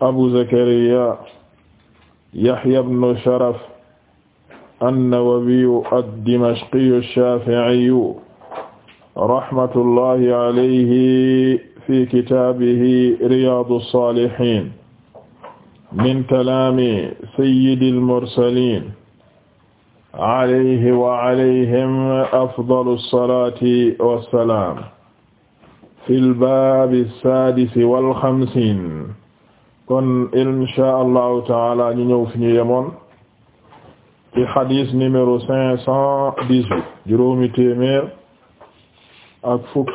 abu zakariya yahya ibn sharaf an-nawawiyu ad-dimashqiyu ash-shafi'iyu rahmatullahi alayhi fi kitaabihi riyaadu saalihiin min kalaami sayyidil mursaliin alayhi wa alayhim afdalu salaati wa salaam fil baabi saadisi wal xamsiin kon insha allahu taala ñu ñëw fi ñu yemoon ci xadis numéro juróomi téeméer ak fukk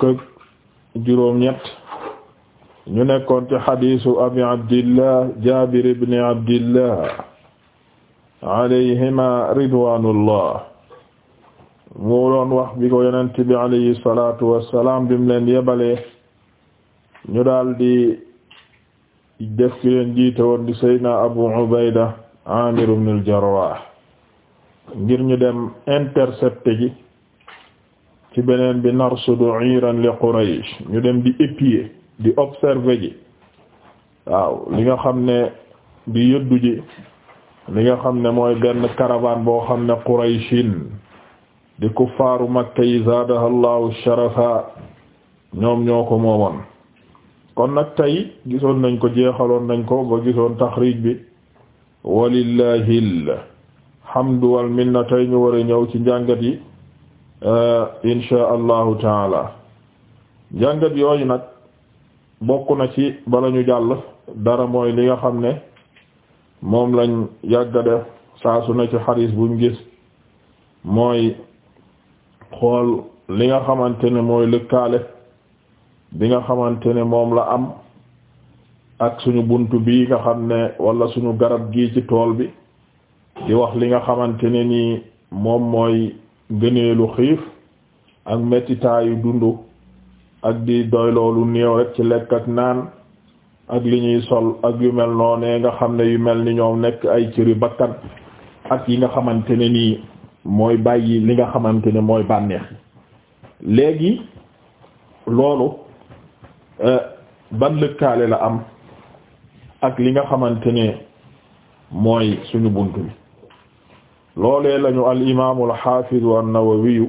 juróom ñett ñu nekkoon ci xadisu abi abdillah jabir ibn abdillah alayhima ridwanullah mu wax bi ko bi alayhi salatu wassalam bim leen ñu daldi def ki leen jiite woon di Seydina Abu Ubayda Amir ibn al ngir ñu dem intercepter ji ci beneen bi narsudu iran li Quraysh ñu dem di épier di observer ji waaw li nga xam ne di yëddu ji li nga xam ne mooy benn caravane boo xam ne Qurayshin di kuffaaru Makka yi zaadahallahu sharafa ñoom ñoo ko moomoon kon nag tey gisoon nañ ko jeexaloon nañ ko ba gisoon taxriij bi walillahil hamdu wal minna tey ñu war a ñëw ci njàngat yi eh, insha allahu taala njàngat yooyu nag bokk na ci bala jàll dara mooy li nga xam ne moom lañ yàgga def saa su ne ci xadis buñ gis mooy xool li nga xamante ne mooy lëkkaale bi nga xamante ne moom la am ak suñu buntu bi nga xam ne wala suñu garab gii ci tool bi di wax li nga xamante ne ni moom mooy gëneelu xiif ak mettitaayu dundu ak di doy loolu néew rek ci lekk ak naan ak li ñuy sol ak yu mel noonee nga xam ne yu mel ni ñoom nekk ay cëri bakkan ak yi nga xamante ne nii mooy bàyyi li nga xamante ne mooy bànneex léegi loolu Euh, ban lëkkaale la am ak li nga xamante ne mooy suñu bunt bi loolee lañu al imaamu al xaafidu an-Nawawiyu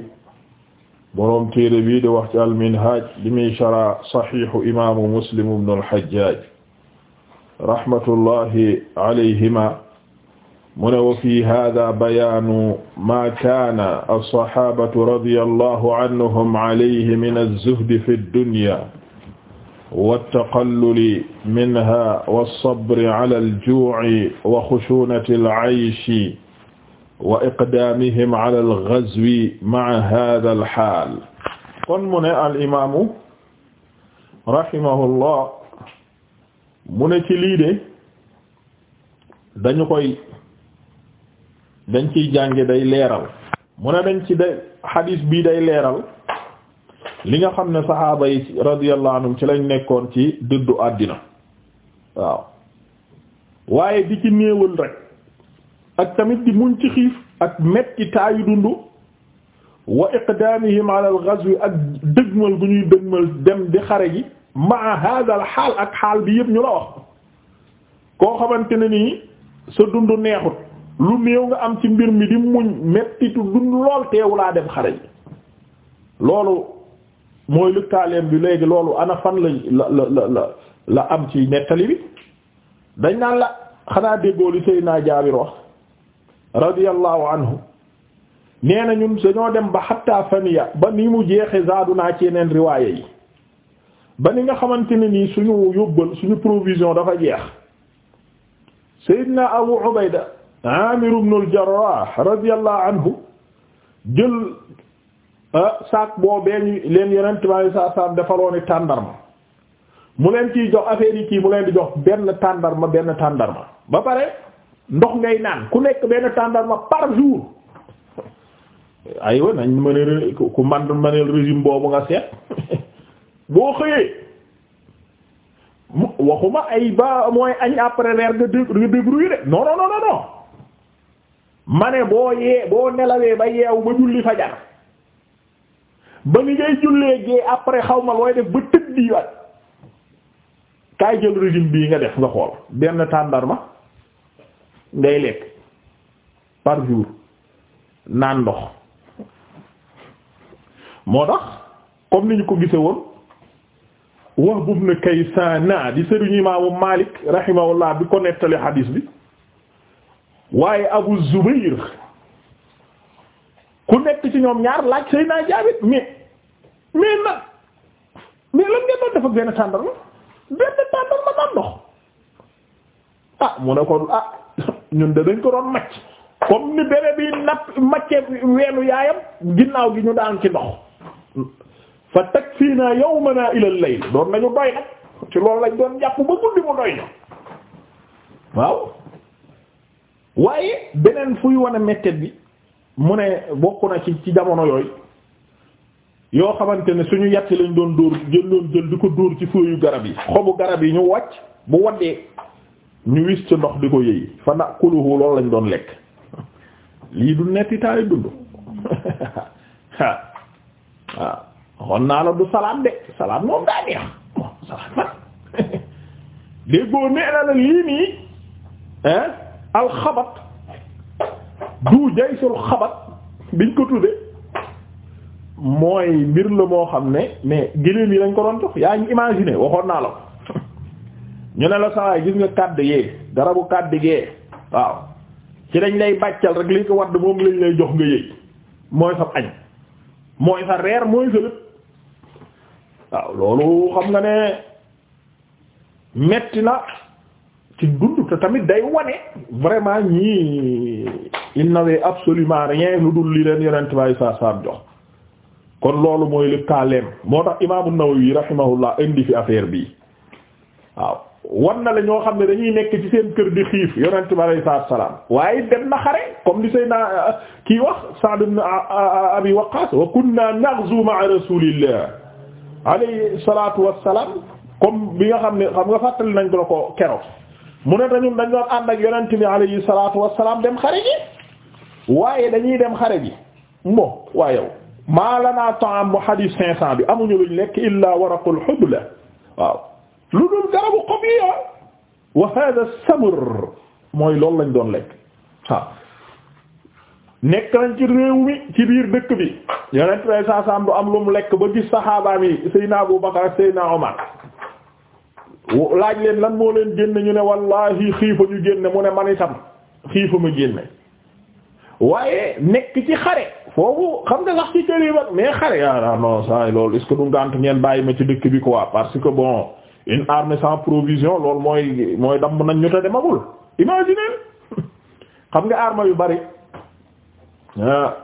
boroom téere bii di wax ci al minhaj li muy shara saxiixu imaamu Muslim ibnu al Hajjaaj rahmatullahi alayhima mu ne wa fi hada bayaanu maa kaana alsahabatu radi allahu anhum alayhi min alzuhdi fi dunya والتقلل منها والصبر على الجوع وخشونة العيش وإقدامهم على الغزو مع هذا الحال kon mu ne alimaamu rahimahullah mu ne ci lii de dañu koy dañ ciy jànge day leeral mu ne dañ ci day xadiis bii day leeral li nga xam ne saxaaba yi radiyallahu ci lañ nekkoon ci dëddu àddina waaw waaye di ci néewal rek ak tamit di muñ ci xiif ak metti taayu dund wa iqdamihim ala ak dëgmal bu ñuy dëgmal dem di xare ji maa hada al xaal ak xaal bi yëpp ñu la wax koo xamante ne nii sa dund neexut lu néew nga am ci mbir mi di muñ mettitu dund lool teewu laa dem xare ji loolu mooy lëkkaaleem bi léegi loolu ana fan la la la am ci nettali bi dañ naan la xanaa déggoo li naa Jaabir wax radiyallahu anhu nee na ñun dañoo dem ba xatta faniya ba ni mu jeexe zaadu naa ci yeneen riwaaye yi ba ni nga xamante ne nii suñu yóbbal suñu provision dafa jeex Seydina Abu Ubayda Aamir ibn al-Jarrah anhu jël Euh, saak boobee ñu leen yeneen tubaab yi saa saa defaloon ni tàndarma mu leen ciy jox affaire yi mu leen di jox benn tàndarma benn tàndarma ba pare ndox ngay naan ku nekk benn tàndarma par jour aywa waxuma ay ba mooy añ après reer nga débrouiller de non non non non ma ne boo yee boo nelawee ba yeewu ba julli fajar ba ni ngay jullee gee après xaw ma looy def ba tëdd di waat jël régime bii nga def nga xool benn tàndarma ngay lekk par jour naan ndox moo tax comme ni ñu ko gise woon Wahb ibn Kaysana di sëriñu imaamu Malik rahimahullah bi ko nettali bi waaye Abu Zubayr ku nekk ci ñoom ñaar laaj Seydina Jaabir mais mais nag mais lan ngeen doon def ak benn tàndarma benn tàndarma naan ndox ah mu ne ko ah ñun de dañ ko doon macc comme ni bébé bi napp macce weenu yaayam ginnaaw gi ñu daan ci ndox fa takfiina yawmana ila al-layl doon nañu doy nag ci loolu lañ doon jàpp ba guddi mu doy ñu waaw waaye beneen fuy wane méttet bi mu ne bokk na ci ci jamono yooyu yoo xamante ne suñu yatti lañu doon dóor jël jël di ko dóor ci fooyu garab yi xobu garab yi ñu wàcc bu waddee ñu wis ci ndox di ko yëyi fa nakuluhu loolu lañ doon lekk lii du netti taali dund waaw xon naa la du salaat de salaat moom daa neex moom salaat man déggoo nee na la lii nii alxabat du jaysul xabat biñ ko tudde mooy mbir la moo xam ne mais gëléem yi dañ ko doon jox yaa ngi imaginer waxoon naa la ko ñu ne la sawaay gis nga kàdd yee garabu kàdd gee waaw ci dañ lay bàccal rek li ko wadd moom lañ lay jox nga yëy mooy sa añ mooy sa reer mooy sa lépp waaw loolu xam nga ne metti na ci dund te tamit day wane vraiment ñii il n'avait absolument rien lu dul li leen yonent baay saa saa jox kon loolu mooy lëkkaaleem moo tax imaamu Nawawi rahimahullah indi fi affaire bi waaw wan na la ñoo xam ne dañuy nekk ci seen kër di xiif yonent bi alayhi salaatu waaye dem na xare comme li Seydina kii wax Sa'd ibn ah, ah, Abi Waqqas wa kunna naghzu ma'a rasulillah alayhi salaatu wa salaam comme bi nga xam ne xam nga fàttali nañ ko la keroog mu ne dañu dañ doon ànd ak yonent bi alayhi salaam dem xare ji waaye dañuy dem xare ji mo waa yow maa lanaa ta'am bu xadiis cinq cent bi amuñu luñ lekk illaa waraqul hubla waaw lu dul garabu xob yi ah wa hada samr mooy loolu lañ doon lekk waaw nekk nañ ci réew mi ci biir dëkk bi yonent way saasaam du am lu mu lekk ba gis saxaabaam yi naa Abu Bakar ak Seydina Omar laaj leen lan moo leen génne ñu ne wallahi xiifa ñu génne mu ne man itam xiifa ma génne waaye nekk ci xare boobu xam nga sax ci këri ba mais xare yaa ah, non ça loolu est-ce que du ngànt ngeen bàyyi ma ci dëkk bi quoi parce que bon une armée sans provision loolu mooy mooy damm nañ ñu te demagul imaginez xam nga armée yu bari ah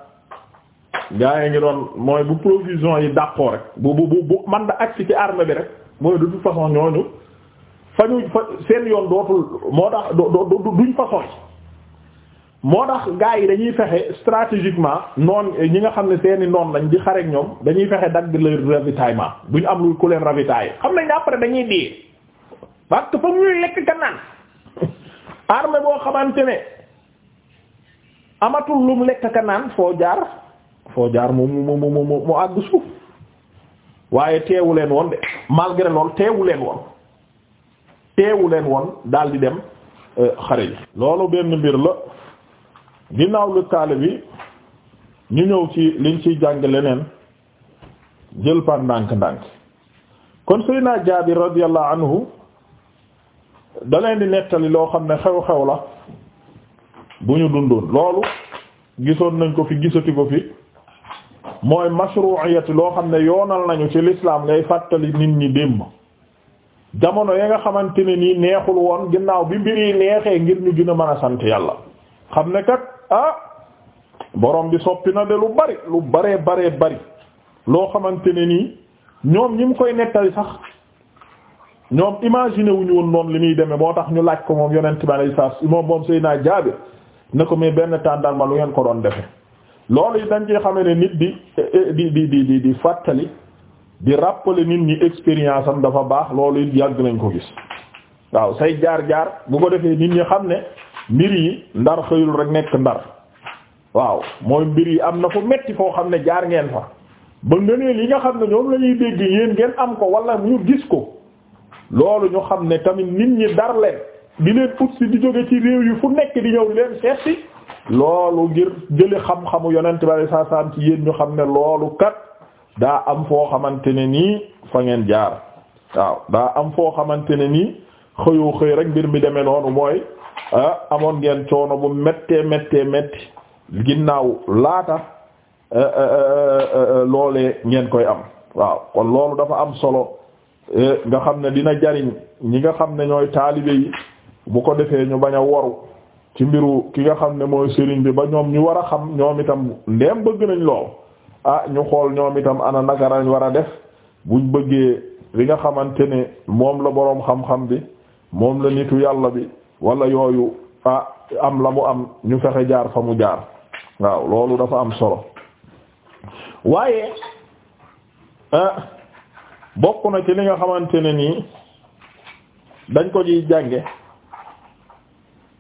gars yi ngi doon mooy bu provision yi dàqoo rek bu bu bu man da agsi ci armée bi rek mooy de toute façon ñooñu fa ñu fa seen yoon dootul moo tax duñ fa soxla. moo tax gars yi dañuy fexe stratégiquement noon ñi nga xam ne seeni noon lañ di xarek ñoom dañuy fexe dagg leen ravitaillement duñ am lu ku leen ravitailler xam nañ après dañuy dee parce que foog ñuy lekk ka naan boo xamante ne amatul lum lekk foo jaar foo jaar mu mu mu mu mu àgg suuf waaye teewu leen woon de malgré loolu teewu leen woon teewu leen woon daal di dem euh, xare yi loolu benn mbir la ginnaaw lëkkaale bi ñu ñëw ci liñ ciy jàng leneen jël par ndànk-ndànk kon Seydina Jaabir radiyallahu anhu da leen di nettali loo xam ne xew-xew la bu ñu dundoon loolu gisoon nañ ko fi gisati ko fi mooy mashru'iyati loo xam ne yoonal nañu ci l'islam ngay fàttali nit ñi démb jamono ya nga xamante ne nii neexul woon ginnaaw bi mbir neexee ngir ñu gën a mën a sant yàlla xam ne kat ah borom bi soppi na de lu bari lu baree baree bari loo xamante ne nii ñoom ñi mu koy nettali sax ñoom imaginer wuñu woon noonu li muy demee boo tax ñu laaj ko moom yonent bi alayhi salaam moom moom Seydina Jaabir ne ko mais benn tàndarma lu ngeen ko doon defe loolu yi dañ ci xamee ne nit di di di di di di fàttali di rappeler nit ñi expérience am dafa baax loolu it yàgg nañ ko gis waaw say jaar jaar bu ko defee nit ñi xam ne mbir yi ndar xëyul rek nekk ndar waaw mooy mbir yi am na fu metti foo xam ne jaar ngeen fa ba ngëneel yi nga xam ne ñoom lañuy dégg yéen ngeen am ko wala ñu gis ko loolu ñu xam ne tamit nit ñi dar leen di leen ut di jóge ci réew yi fu nekk di ñëw leen seet si loolu ngir jële xam-xamu yonent bi saa ci yéen ñu xam ne loolu kat daa am foo xamante ne nii fa ngeen jaar waaw daa am foo xamante ne nii xëyoo xëy rek mbir mi demee noonu mooy Ah, amoon ngeen coono bu méttee méttee métti ginnaaw laata eh, eh, eh, loolee ngeen koy am waaw kon loolu dafa am solo nga xam ne dina jariñ ñi nga xam ne ñooy taalibe yi bu ko defee ñu bañ a waru ci mbiru ki nga xam ne mooy sëriñ bi ba ñoom ñu war a xam ñoom itam ndeem bëgg nañ lool ah ñu xool ñoom itam ana naka war a def buñ bëggee li nga xamante ne moom la boroom xam-xam bi moom la nitu yàlla bi wala yooyu ah am la mu am ñu fexe jaar fa mu jaar waaw loolu dafa am solo waaye bokk na ci li nga xamante ne nii dañ ko ciy jànge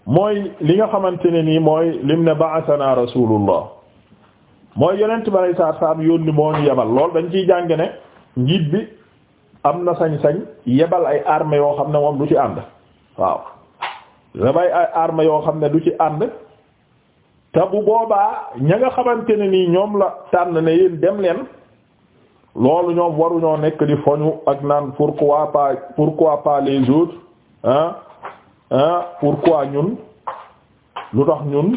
mooy li nga xamante ne nii mooy lim ne ba'athana rasulullah mooy yonent bi alay saat salam yónni moo yebal lool dañ ciy jànge ne njiit bi am na sañ-sañ yebal ay armée yoo xam ne moom du ci ànd waaw damay ay armes yoo xam ne du ci ànd te bu boobaa ña nga xamante ne nii ñoom la tànn ne yéen dem leen loolu ñoom waruñoo nekk di foñu ak naan pourquoi pas pourquoi pas les autres pourquoi ñun lu tax ñun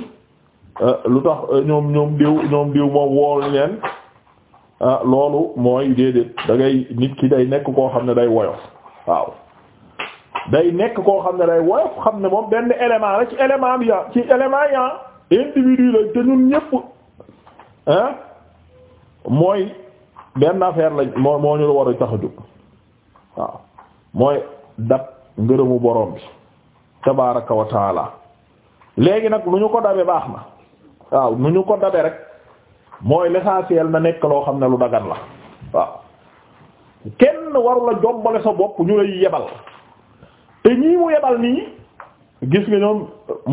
euh, lu tax euh, ñoom ñoom diw ñoom diw moom woolu leen ah, loolu mooy déedéet dangay ngay nit ki day nekk koo xam ne day woyof waaw day nekk koo xam ne lay woyof xam ne moom benn élément la ci élément bi ci élément ya individu la te ñun ñépp mooy benn affaire lañ moo moo ñu war a tax a jóg waaw mooy dab ngërëmu borom bi tabaraka wa léegi nag nu ñu ko dabe baax na waaw nu ñu ko dabe rek mooy l'essentiel na nekk loo xam ne lu dagan la waaw kenn warula jombale sa bopp ñu lay yebal te ñii mu yebal nii gis nga ñoom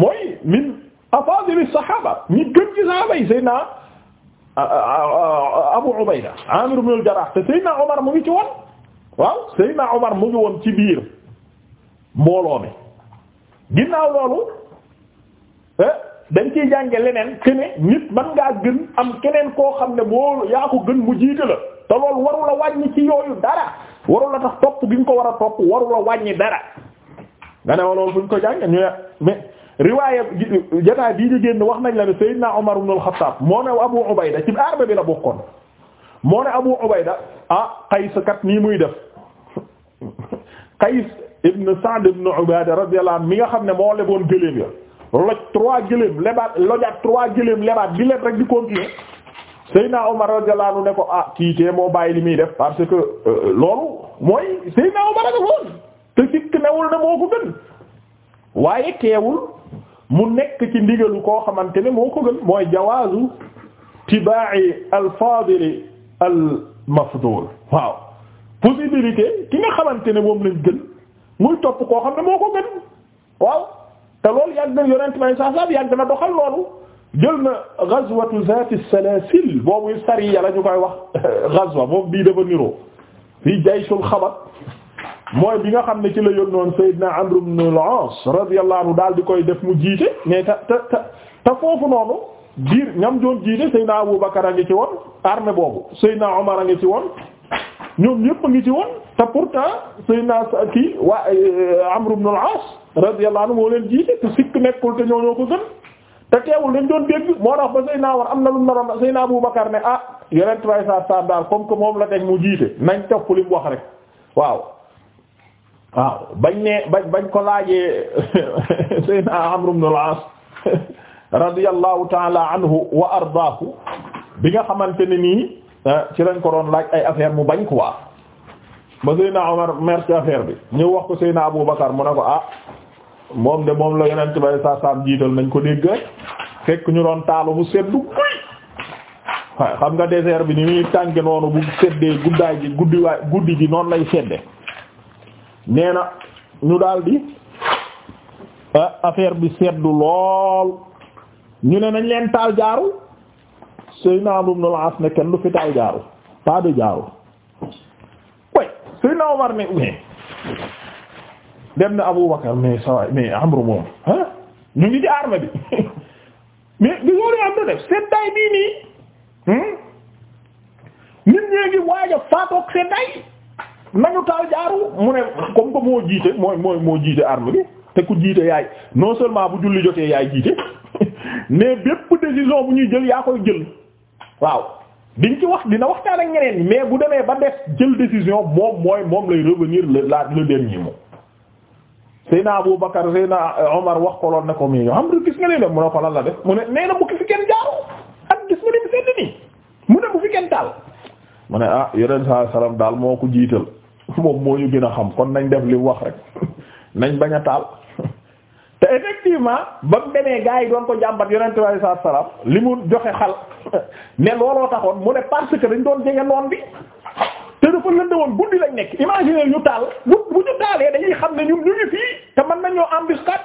mooy min afaadil saxaaba ñi gën ci saxaaba yi Seydina Abu Ubayda Amir ibn al-Jarrah te Seydina Omar mu ngi ci woon waaw Seydina Omar mu ngi woon ci biir mbooloo mi ginnaaw loolu eh, dañ ciy jànge leneen que nit man ngaa gën am keneen koo xam ne moo yaa ko gën mu jiite la te loolu waru wàññi ci yooyu dara waru la tax topp gi nga ko war a topp waru wàññi dara nga ne waloolu fu ñu ko jànge ñu ne mais riwaaya jotaay bii ñu génn wax nañ la ne Seydina Omar ibn al-Khattab moo ne Abu Ubayda ci arba bi la bokkoon moo ne Abu Ubayda ah Qays nii muy def Qays ibn Sa'd ibn Ubaada radiyallahu anhu mi nga xam ne moo leboon gëléem ya loj trois gëléem lebaat lojaat trois gëléem lebaat bi leb rek di continuer Seydina Omar radiyallahu anhu ne ko ah kii tee moo bàyyi li muy def parce que euh, loolu mooy Seydina Omar ak loolu te sikk newul ne moo ko gën waaye teewul mu nekk ci ndigalu koo xamante ne moo ko gën mooy jawaazu tibaa'i al-faadil al-mafdul waaw possibilité ki nga xamante ne moom lañ gën muy topp koo xam ne moo ko gën waaw te loolu yàgg na yonent may saa saa na doxal loolu jël na ghazwatu zaati salaasil boobu sariya la ñu koy wax ghazwa boobu bii dafa niroo fii jayshul xabat mooy bi nga xam ne ci la yónnoon Seydina Amr ibn al-As daal di koy def mu jiite mais ta ta te foofu noonu biir ñam doon jiite Seydina Abu Bakar a ngi ci woon armée boobu Seydina Omar a ngi ci woon ñoom ñëpp a ngi ci woon te pourtant Seydina kii waa euh, Amr ibn al-As radiyallahu anhu moo leen jiite te sikk nekkul te ñoo ñoo ko gën te teewul dañ doon dégg moo tax ba Seydina war am na lu naroon Seydina Abu Bakar ne ah yeneen trois cent daal comme que moom la teg mu jiite nañ topp li rek waaw. waaw bañ ne bañ bañ ko laajee Seydina Amr ibn al-As radiyallahu anhu wa ardaahu bi nga xamante ne nii eh, ci lañ ko doon laaj ay affaire mu bañ quoi ba Seydina Omar mer ci bi ñëw wax ko Seydina Abu Bakar mu ne ko ah moom de moom la yonent bay sa sam jiital nañ ko dégg rek fekk ñu doon taalu mu seddu guy waaye xam nga désert bi ni muy tànge noonu bu seddee guddaay ji guddi waay noonu lay sedde nee na ñu daldi ah, affaire bi seddu lool ñu ne nañ leen taal jaaru Seydina Amru ibn al-As ne kenn du fi taal jaaru pas de jaaru way Seydina Omar ne mais dem na Abu Bakar mais sawaay mais Amru moom ah ñu ngi ci arme bi mais bi loolu am na def seddaay bii nii hmm? nit ñee ngi waaj a faatoog seddaay nañu taal jaaru mu ne comme que moo jiite mooy mooy moo jiite arme bi te ku jiite yaay non seulement bu julli jotee yaay jiite mais bépp décision bu ñuy jël yaa koy jël waaw diñ ci wax dina waxtaan ak ñeneen mais bu demee ba def jël décision moom mooy moom lay revenir le la le dernier mot. Seyna Abu Bakar Seyna Omar wax ko loon ne ko mii xam nga gis nga lii def ko lan la def mu ne nee na bu ki fi kenn jaaroo ak gis nga ni nii mu ne bu fi kenn moom moo ñu gën a xam kon nañ def li wax rek nañ bañ a taal te effectivement ba mu demee gaa yi doon ko jàmbat yonent bi saa salaam li mu joxe xal ne looloo taxoon mu ne parce que dañ doon jege noon bi te dafa lënd woon guddi lañ nekk imaginer ñu taal bu bu ñu taalee dañuy xam ne ñun ñu fii te man nañoo embuscade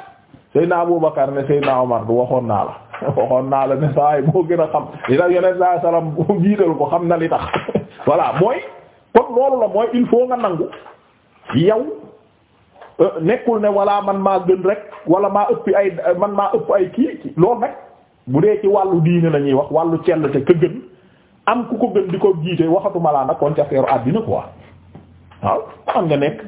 Seydina Aboubacar ne Seydina Omar du waxoon naa la waxoon naa la ne saa yi boo gën a xam li tax yonent bi saa salaam jiital ko xam na li tax voilà mooy. kon loolu la mooy il faut nga nangu yow euh, nekkul ne walla man maa gën rek wala maa ëpp ay man maa ëpp ay kii loolu nag bu dee ci wàllu diine lañuy wax wàllu cell te ka gën am ku ko gën di ko jiite waxatuma laa nag kon ci affaire àddina quoi waaw am nga nekk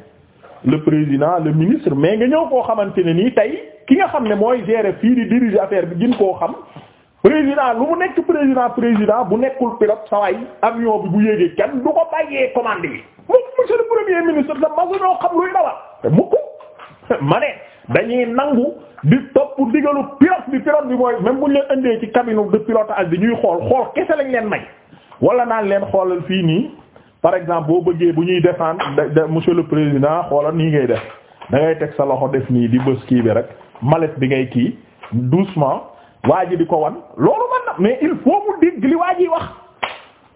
le président la ministre mais nga ñëw koo xamante ne nii tey ki nga xam ne mooy gérer fii di diriger affaire bi gën koo xam président lu mu nekk président président bu nekkul pilote saway avion bi bu yéegee kenn du ko bàyyee commande bi moom monsieur le premier ministre la ma ñoo xam luy dawal te mukk ma ne dañuy nangu di topp digalu pilote bi pilote bi mooy même buñ leen indee ci cabine de pilotage bi ñuy xool xool kese lañ leen may wala naan leen xoolal fii nii par exemple boo bëggee bu ñuy défendre monsieur le président xoolal nii ngay def da ngay teg sa loxo def nii di bës kii bi rek mallette bi ngay kii doucement waa ji di ko wan loolu man na mais il faut mu dégg li waa ji wax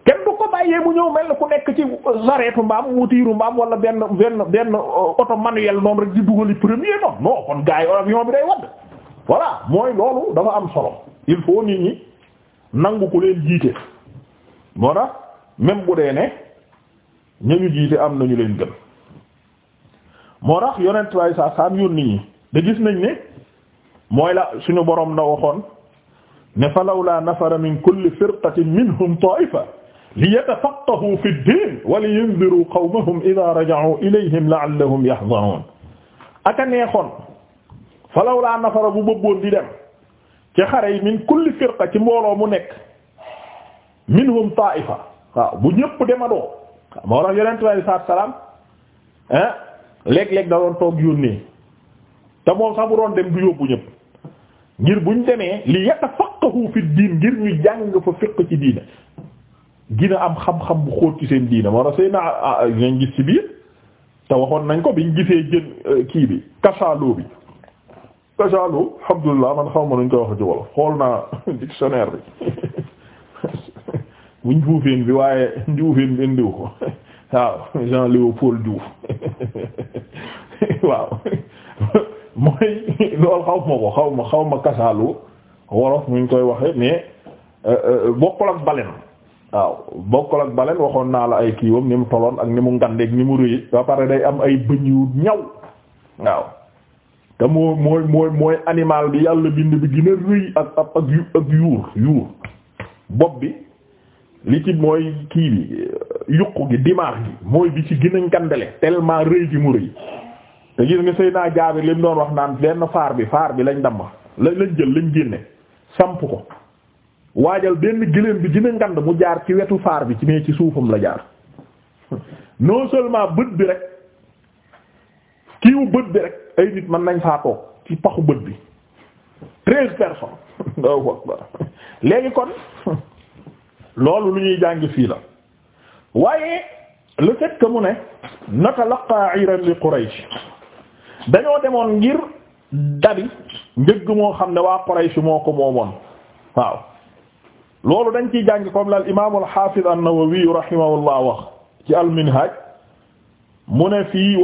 kenn du ko bàyyee mu ñëw mel ku nekk ci sareetu mbaam wutiiru mbaam wala benn benn benn euh, oto manuel noonu rek di dugali premier noonu non kon gars yi avion bi day wadd am solo il faut nit ñi nangu ku leen am nañu leen gën moo tax yonent way yónni ñi da gis nañ ne mooy la suñu borom na waxoon ne fa lawla nafara min kulli firqatin minhum ta'ifa liyatafaqqahu fi ddin wa liyanziru qawmahum idha raja'u ilayhim la'allahum yahzarun aka neexoon fa lawla nafara bu bëggoon di dem ci xare yi min kulli firqa ci mbooloo mu nekk minhum ta'ifa waaw bu ñëpp demadoo moo tax yonent bi alayhi salaatu salaam ah léeg-léeg da doon toog yónnee te moom sax bu doon dem du yóbbu ñëpp ngir buñ demee li yatafa yafqahu fi diin ngir ñu jàng fa fiq ci diina gina am xam-xam bu xóot ci seen diina war a naa a nañ gis ci biir te waxoon nañ ko biñ gisee jën euh, kii bi kasaaloo bi kasaaloo alhamdulilah man xaw ma nuñ koy wax a wolof xool naa dictionnaire bi buñ fuufeen bi waaye ndiwufeen bi indiw ko waaw Jean Léopold Diouf waaw mooy loolu xaw ma ko xaw ma xaw ma kasaaloo wolof mu ngi koy waxee mais euh, euh, bokkul ak balen waaw bokkul ak balen waxoon naa la ay kiiwam ni mu toloon ak ni mu ngandeeg ni mu rëy ba pare day am ay bëñ yu ñaw waaw te moo mooy mooy animal bi yàlla bind bi gën a rëy ak ak yu ak yuur yuur bopp bi li ci mooy kii bi euh, yuq gi dimaar gi mooy bi ci gën a ngandale tellement rëy gi mu rëy te gis nga Seydina naa li leen doon wax naan benn faar bi faar bi lañ damm lañ jël lañ génne samp ko waajal benn gëléem bi dina ngand mu jaar ci wetu faar bi ci mais ci suufam la jaar non seulement bët bi rek kiiwu bët bi rek ay nit mën nañ faa toog ci paxu bët bi treize personnes nga léegi kon loolu lu ñuy jàngi fii la waaye le fait que mu ne natalaqa iran li Quraysh dañoo demoon ngir dabi njëgg moo xam ne waa Quraysh moo ko moomoon waaw loolu dañ ciy jàng comme la al imaam al xaafid an-Nawawi wax ci al mu ne fi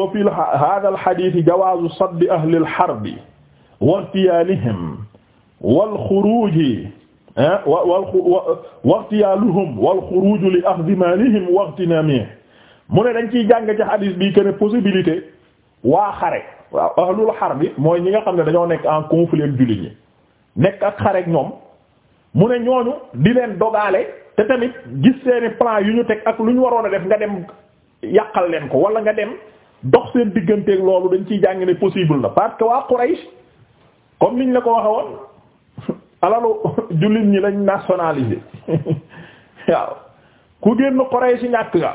hada al xadiis jawaazu ahli al harb wa ihtiyaalihim eh, wal xuruuj li axdi maalihim wa mu ne dañ ciy jàng ci xadiis bi que ne possibilité waa xare waaw lu xar bi mooy ñi nga xam ne dañoo nekk en conflit ak jullit ñi nekk ak xareek ñoom mu ne ñooñu di leen dogaale te tamit gis seeni plan yu ñu teg ak lu ñu waroon a def nga dem yàqal leen ko wala nga dem dox seen digganteeg loolu dañ ciy jàng ne possible la parce que waa Quraysh comme niñ la ko waxe woon alalu jullit ñi lañ nationalisé waaw ku génn Quraysh ñàkk nga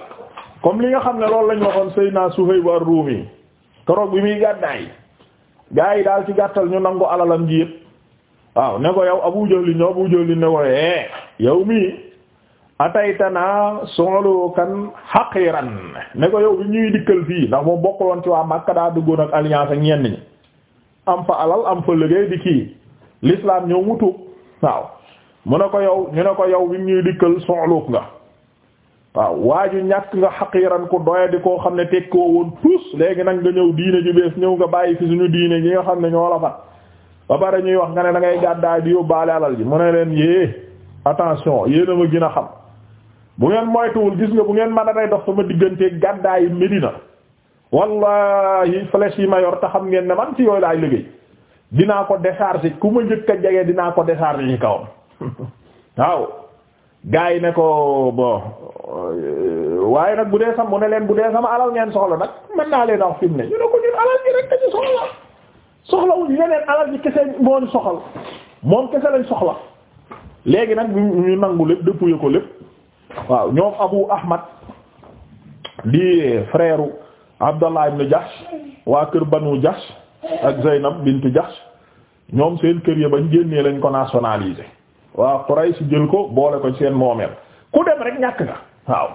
comme li nga xam ne loolu lañu waxoon Seydina Suhayb ar-Rumi keroog bi muy gàddaay gaa yi daal ci gàttal ñu nangu alalam ji yëpp waaw ne ko yow Abu Jahl ñoo Abu ne ko eh yow mii ataytanaa su'lukan haqiran ne ko yow bi ñuy dikkal fii ndax moom bokkuloon ci waa Makka daa duggoon ak alliance ak am fa alal am fa liggéey di kii l'islam ñëw mu tuub waaw mu ne ko yow ñu ne ko yow bi ñuy dikkal su'luk nga. waaw waaju ñàkk nga xaqiiran ku doya di koo xam ne tekkoo woon tus léegi nag nga ñëw diine ju bees ñëw nga bàyyi fi suñu diine gi nga xam ne ñoo la fat ba pare ñuy wax nga ne dangay ngay gàddaay di yóbbaale alal ji mu ne leen yée attention yéen a ma gën a xam bu ngeen moytuwul gis nga bu ngeen mën a day dox sama diggante gàddaayi Medina wallahi flèche yi ma yor te xam ngeen ne man ci yooyu laay liggéey dinaa ko décharger ku ma njëkk a jege dinaa ko décharger yi kawam waaw gaa yi ne ko bon waaye nag bu dee sama mu ne leen bu dee sama alal ngeen soxla nag mën naa leen wax fi mu ne ñu ne ko ñun alal ji rek dañu soxla soxlawul yeneen alal ji kese moo ñu soxal moom kese lañ soxla léegi nag ñu nangu lépp dëppuye ko lépp waaw ñoom Abu Ahmad di frère Abdallah ibn Jahsh waa kër Banu Jahsh ak Zaynab bint Jahsh ñoom seen kër ya bañ génnee lañ ko nationalisé waa Quraysh jël ko boole ko seen moomeel ku dem rek ñàkk nga waaw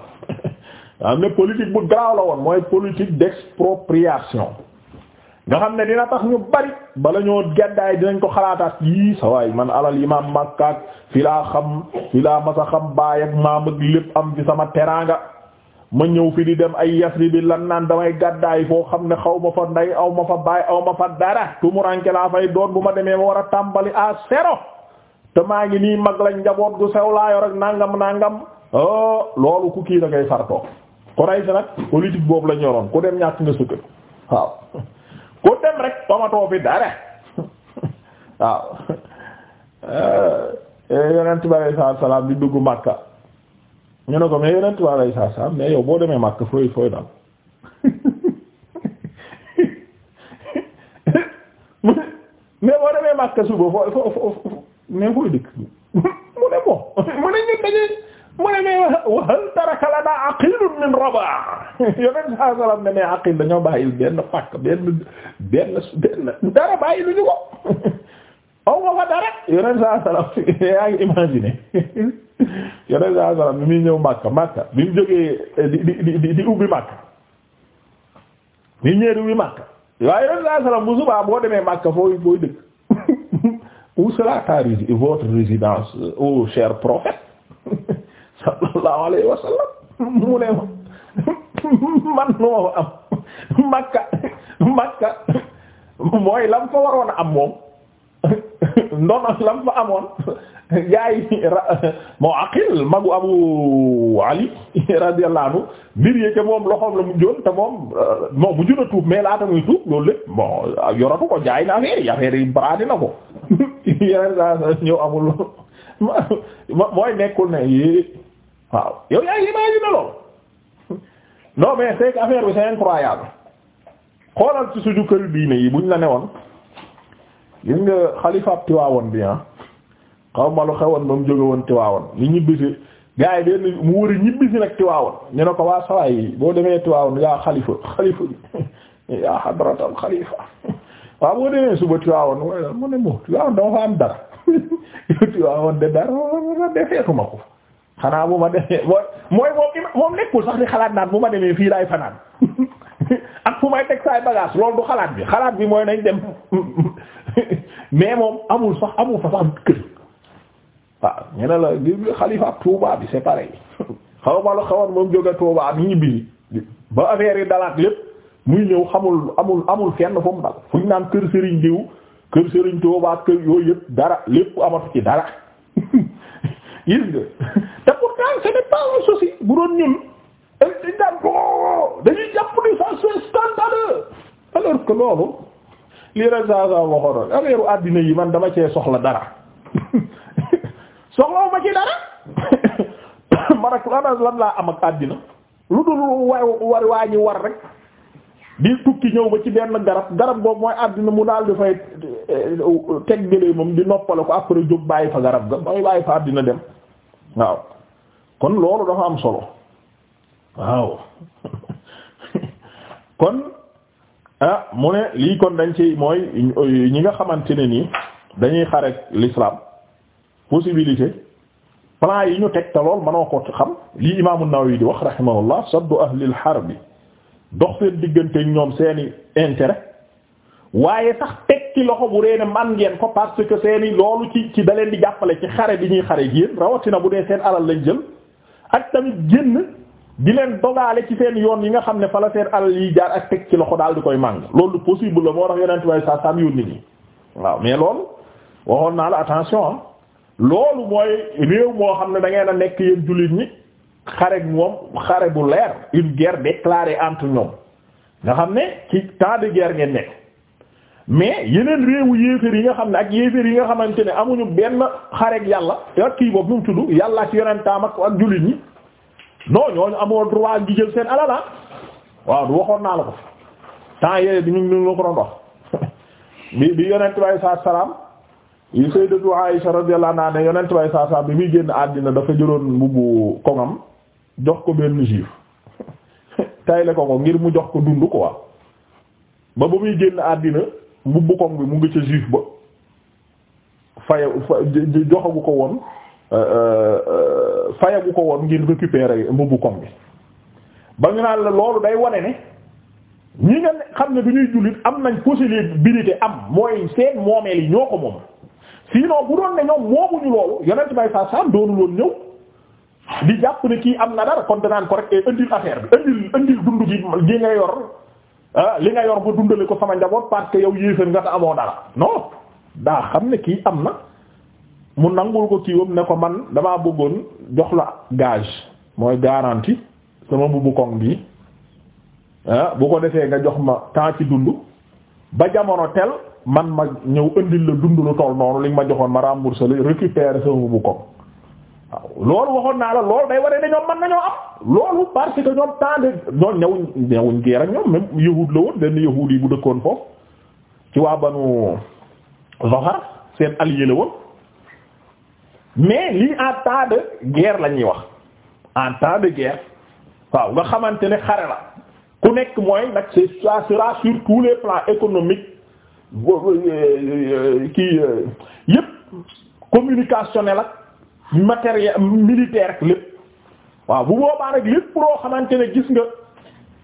am ne politique bu garaaw la woon mooy politique d'expropriation nga xam ne dina tax ñu bari bala ñoo gaddaay dinañ ko xalaataat yii sa man alal yi ma màkkaat fi laa xam fi laa masa xam baay ak maam ak lépp am fi sama teraanga ma ñëw fi di dem ay yasri bi lan naan damay gàddaay foo xam ne xaw ma fa ndey aw ma fa baay aw ma fa dara tumuranke laa fay doon bu ma demee ma war a tàmbali à zéro te maa ngi nii mag lañ njaboot gu sew laa yor ak nangam nangam oh, loolu ku kii da ngay fartoo Quraysh nag politique boobu lañ yoroon ku dem ñàkk nga sukk waaw ku dem rek tomatoo fi dara eh, eh, bi alayhi salaatu salaam ne ko mais yonent bi alayhi salaatu salaam mais yow boo demee Makka fooy fooy dal mais boo demee Makka suba fooy fooy mais fooy dëkk mu ne bon mu ne ñun dañuy mu ne mais waxal taraka la naa aqilun min rabaa yoneen saa salaam ne mais aqil dañoo bàyyil benn pakk benn benn benn dara bàyyi lu ñu ko aw nga fa dara yoneen saa salaam yaa ngi imaginer yoneen saa salaam bi muy ñëw Makka Makka bi mu jógee eh, di di di di ubbi Makka bi ñëwee di ubbi Makka waaye yoneen saa salaam bu subaa boo demee Makka fooy fooy dëkk où sera ta votre résidence euh, ô cher prophète sallallahu alayhi wa mu ne ma man nu ma am makka makka mooy lam ko waroon am moom ndono lam fa amoon yaay moo aqil magu abu ali radiyallahu anhu mbir ca moom loxoom la mu joon te moom moom mu juna tuub mais laata muy tuub loolu lépp bon ko jaay na affaire yi affaire yi braadi na ko yeneen saa ñëw amul mooy nekkul ne yii waaw yow yaay imagine loolu non mais c'est que affaire bi c'est incroyable xoolal ci suñu kër diine yi buñ la newoon gis nga xalifa Tiwaawan bi ah xaw ma lu xewoon ba mu jóge woon Tiwaawan ñu ñibbisi gars yi benn mu wëri ñibbisi nag Tiwaawan ñu ne ko waa sawaay boo demee Tiwaawan yaa xalifa xalifa bi yaa hadratal xalifa waaw boo demee suba Tiwaawan wala mu ne mo Tiwaawan dama fa am dara Tiwaawan de dara defeetuma ko xanaa bu ma demee mooy moom nekkul sax di xalaat naan bu ma demee fii laay fanaan ak fu may teg saay bagage loolu du xalaat bi xalaat bi mooy nañ dem mais moom amul sax amul fa kër waaw ñu ne la di xalifa ak Touba bi c'est pareil xaw ma la xawoon moom jóge Touba ak ñibbi ba affaire yi dalaat lépp muy ñëw xamul amul amul fenn fu mu dal fu ñu naan kër sëriñ diw kër Serigne Touba ak kër yooyu yëpp dara lépp amatu ci dara gis nga te pourtant ce n'est pas un bu doon ñun dañuy jàpp ni ça c'est scandaleux alors que loolu. lii rek saa saa waxoon affaire àddina yi man dama cee soxla dara soxlawu ma ci dara man ak lan lan laa am ak àddina lu dul war waa ñi war rek di tukki ñëw ba ci benn garab garab boobu mooy àddina mu daal di fay eh, teg gëlee di noppale ko après jóg bàyyi fa garab ga mooy bàyyi fa àddina dem waaw kon loolu dafa am solo waaw kon. ah mu ne lii kon dañ ci mooy ñi nga xamante ne nii dañuy xare l'islam possibilité plan yi ñu teg te lool mënoo ko xam lii imaamu Nawawi di wax rahimahullah saddu ahlil harbi dox seen diggante ñoom seeni intérêt waaye sax teg ci loxo bu dee ne man ngeen ko parce que seeni loolu ci ci da leen di jàppale ci xare bi ñuy xare yéen rawatina bu dee seen alal lañ jël ak tamit génn di leen dogaale ci seen yoon yi nga xam ne fa la seen alal yi jaar ak teg ci loxo daal di koy màng loolu possible la moo tax yonent way sa sam yónni nii waaw mais loolu waxoon naa la attention am loolu mooy réew moo xam ne da ngeen nekk yéen ñi xare moom xare bu leer une guerre déclarée entre ñoom nga xam ne ci temps de guerre ngeen nekk mais yeneen réewu yéeféer yi nga xam ne ak yéeféer yi nga xamante ne amuñu benn xare yàlla ak kii boobu nu mu tudd yàlla ci yonentam ak ak jullit yi non ñooñu amoon droit di jël seen alal ah. waaw du waxoon naa la ko temps yee du ñu ñu la ko doon wax bi bi yonent bi saa salaam yi sayyidatu Aisha radiyallahu anha ne yonent bi saa salaam bi muy génn àddina dafa jëloon mbubu koŋam jox ko benn juif tayle ko ko ngir mu jox ko dund quoi ba ba muy génn àddina mbubu koŋ bi mu ngi ca juif ba faye joxagu ko woon euh, euh, euh, fayagu ko woon ngir récupérer mbubu koom bi ba ñu naan la loolu day wane ne ñi nga xam ne du ñuy jullit am nañ possibilité am mooy seen moomeel yi ñoo ko moom sinon bu doon ne ñoom moomuñu loolu yonent bay saa saam doonul woon ñëw di jàpp ne kii am na dara kon danaan ko rek eh, indil affaire bi indil indil dund gi gi nga yor ah, li nga yor ba dundale ko sama njaboot parce que yow yéeféer nga ta amoo dara non daa xam ne kii am na mu nangul ko kiiwam ne ko man damaa bëggoon jox la gage mooy garantie sama mbubu koŋ bi ah, bu ko defee nga jox ma temps ci dund ba jamono tel man ma ñëw andil la dund lu toll noonu liñ ma joxoon ma rembourser la récupérer sama mbubu koŋ loolu waxoon naa la loolu day waree ne ñoom mën nañoo am loolu parce que ñoom temps de ñoom ñëwuñ ñëwuñ ñoom même yahuud la woon benn yahuud yi bu dëkkoon foofu ci waa banu seen allié la woon. mais lii en temps de guerre la ñuy wax en temps de guerre waaw nga xamante ne xare la ku nekk mooy nag c'est ça sera sur tous les plans économiques euh, euh, kii euh, yépp communicationnel ak matériel militaire ak lépp waaw bu boobaa rek lépp loo xamante ne gis nga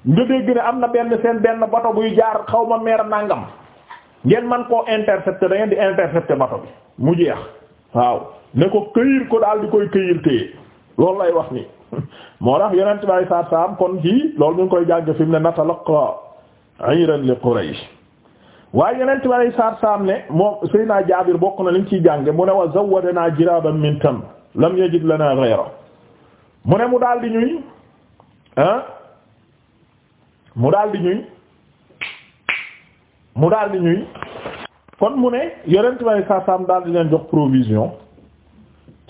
nga dégg ne am na benn seen benn bato buy jaar xaw ma meer nangam ngeen man koo intercepter da di intercepter bato bi mu jeex. waaw ne ko këyir ko daal di koy këyir téye loolu lay wax ni moo tax yonent bay saat saam kon ci loolu ñu ngi koy jàgg fi mu ne natalaqa ayran li Quraysh waaye yonent bay saat saam ne moom Seydina Jaabir bokk na liñ ciy jànge mu ne wa naa jiraaban min tam lam yajid lanaa ghayrahu mu ne ah, mu daal di ñuy mu daal di ñuy mu di ñuy kon mu ne yonent bay saasaam daal di leen jox provision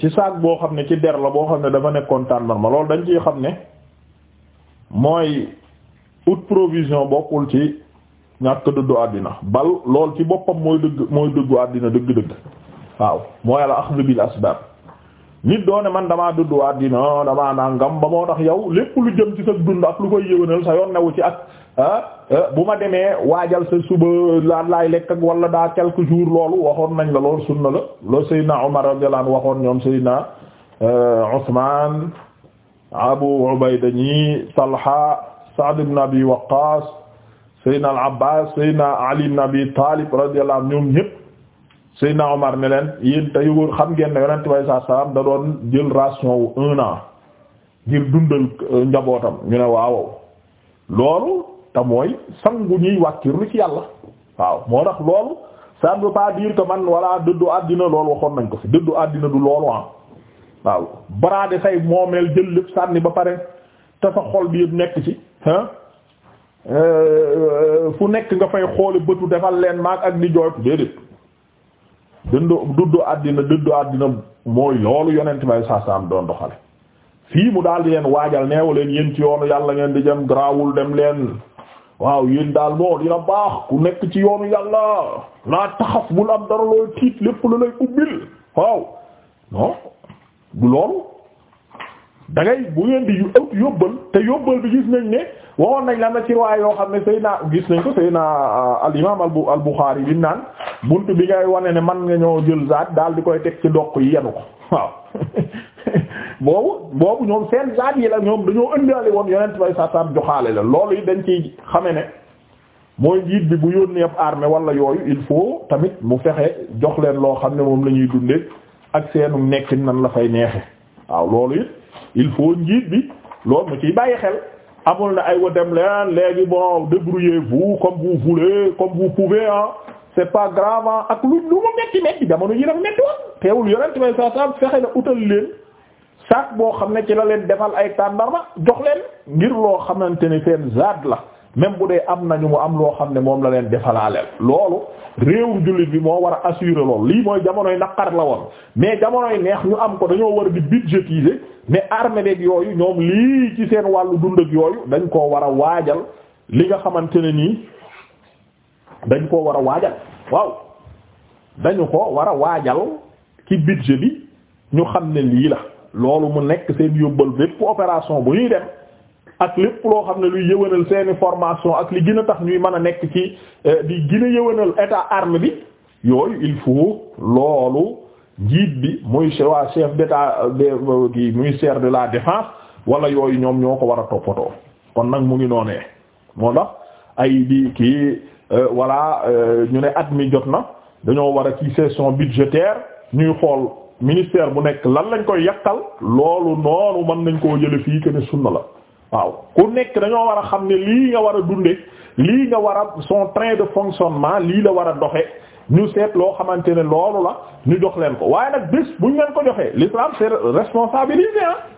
ci saak boo xam ne ci der la boo xam ne dafa nekkoon tàndarma loolu dañ ciy xam ne mooy ut provision bokkul ci ñàkk dëddu àddina bal lool ci boppam mooy dëgg mooy dëggu àddina dëgg-dëgg waaw mooy al axdu bil nit doone man damaa dudd waa dina damaa nangam ba moo tax yow lépp lu jëm ci sa dund ak lu koy yëwénal sa yoon newu ci ak ah, ah, bu ma demee waajal sa suba laa laay lekk ak wala daa quelques jour loolu waxoon nañ la loolu sunna la loolu Seydina Omar radiyallahu anhu waxoon ñoom Seydina eh, Ousmane Abu Ubayda ñi Talha Sa'd ibn Abi Waqqas Seydina Al Abbas Seydina Ali ibn Abi Talib radiyallahu anhum ñoom ñépp Seydina Omar ne leen yéen te yëgul xam ngeen ne yonent bi saa salaam da doon jël ration wu un ngir dundal euh, njabootam ñu ne waaw loolu te mooy sangu ñuy wàkkirlu ci yàlla waaw moo tax loolu ça ne veut pas dire que man walla dëddu àddina lool waxoon nañ ko fi dëddu àddina du loolu ah waaw baraade say moomeel jël lépp sànni ba pare te sa xol bi nekk ci ah fu nekk nga fay xoole bëtu defal leen maag ak di jooytu déedéet. dëndoo dëddoo àddina dëddoo àddina mooy loolu yonent bay saasaam doon doxale fii mu daal yen waajal neew leen yéen ci yoonu yàlla ngeen di jëm grawul dem leen waaw yéen daal moo dina baax ku nekk ci yoonu yàlla laa taxaf bul am dara looy tiit lépp lu lay ubbil waaw non loolu da ngay bu ngeen di ut yóbbal te yóbbal bi gis nañ ne waxoon nañ la na ci riwaaya yoo xam ne naa gis nañ ko Seydina euh, al imaam albu Buxaari bi naan buntu bi ngay wane ne man nga ñoo jël zaat daal di koy teg ci doq yi ko waaw boobu boobu ñoom yi la ñoom dañoo ëndaale woon yonent bay sa joxaale la loolu yi dañ ci xame ne mooy njiit bi bu yónnee ab armée wala yooyu il faut tamit mu fexe jox leen loo xam ne moom lañuy ñuy dundee ak seenu nekkin nan la fay neexe waaw loolu it il faut njiit bi loolu mu ciy bàyyi xel amul na ay wa dem leen léegi bon débrouillez-vous comme vous voulez comme vous pouvez ah c'est pas grave ak lu lu mu metti metti jamono yi dafa metti woon teewul yonent may sa sa fexe na utal leen sac boo xam ne ci la leen defal ay tàndarma jox leen ngir loo xamante ne seen zaad la même bu dee am nañu mu am loo xam ne moom la leen defalaaleel loolu réewum jullit bi moo war a assurer loolu lii mooy jamonoy naqar la woon mais jamonoy neex ñu am ko dañoo war a di budgétiser mais armée leeg yooyu ñoom lii ci seen wàllu dund ak yooyu dañ koo war a waajal li nga xamante ne nii dañ koo war a waajal waaw dañu ko war a waajal ci budget bi ñu xam ne lii la loolu mu nekk seen yóbbal bépp opération bu ñuy dem ak lépp loo xam ne luy yëwanal seeni formation ak li gën a tax ñuy mën a nekk ci euh, di gën a yëwanal état armée bi yooyu il faut loolu njiit bi muy waa chef d'état kii ministère de la défense wala yooyu ñoom ñoo ko war a toppatoo kon nag mu ngi noonee moo tax ay di kii euh, voilà euh, ñu ne at mi jot na dañoo war a ci session budgétaire ñuy xool ministère bu nekk lan lañ koy yàqal loolu noonu mën nañ koo jële fii que sunna la waaw ku nekk dañoo war a xam ne lii nga war a dunde lii nga war a son train de fonctionnement lii la war a doxe ñu seet loo xamante ne loolu la ñu jox leen ko waaye nag bés bu ñu leen ko joxee l'islam c'est responsabilisé ah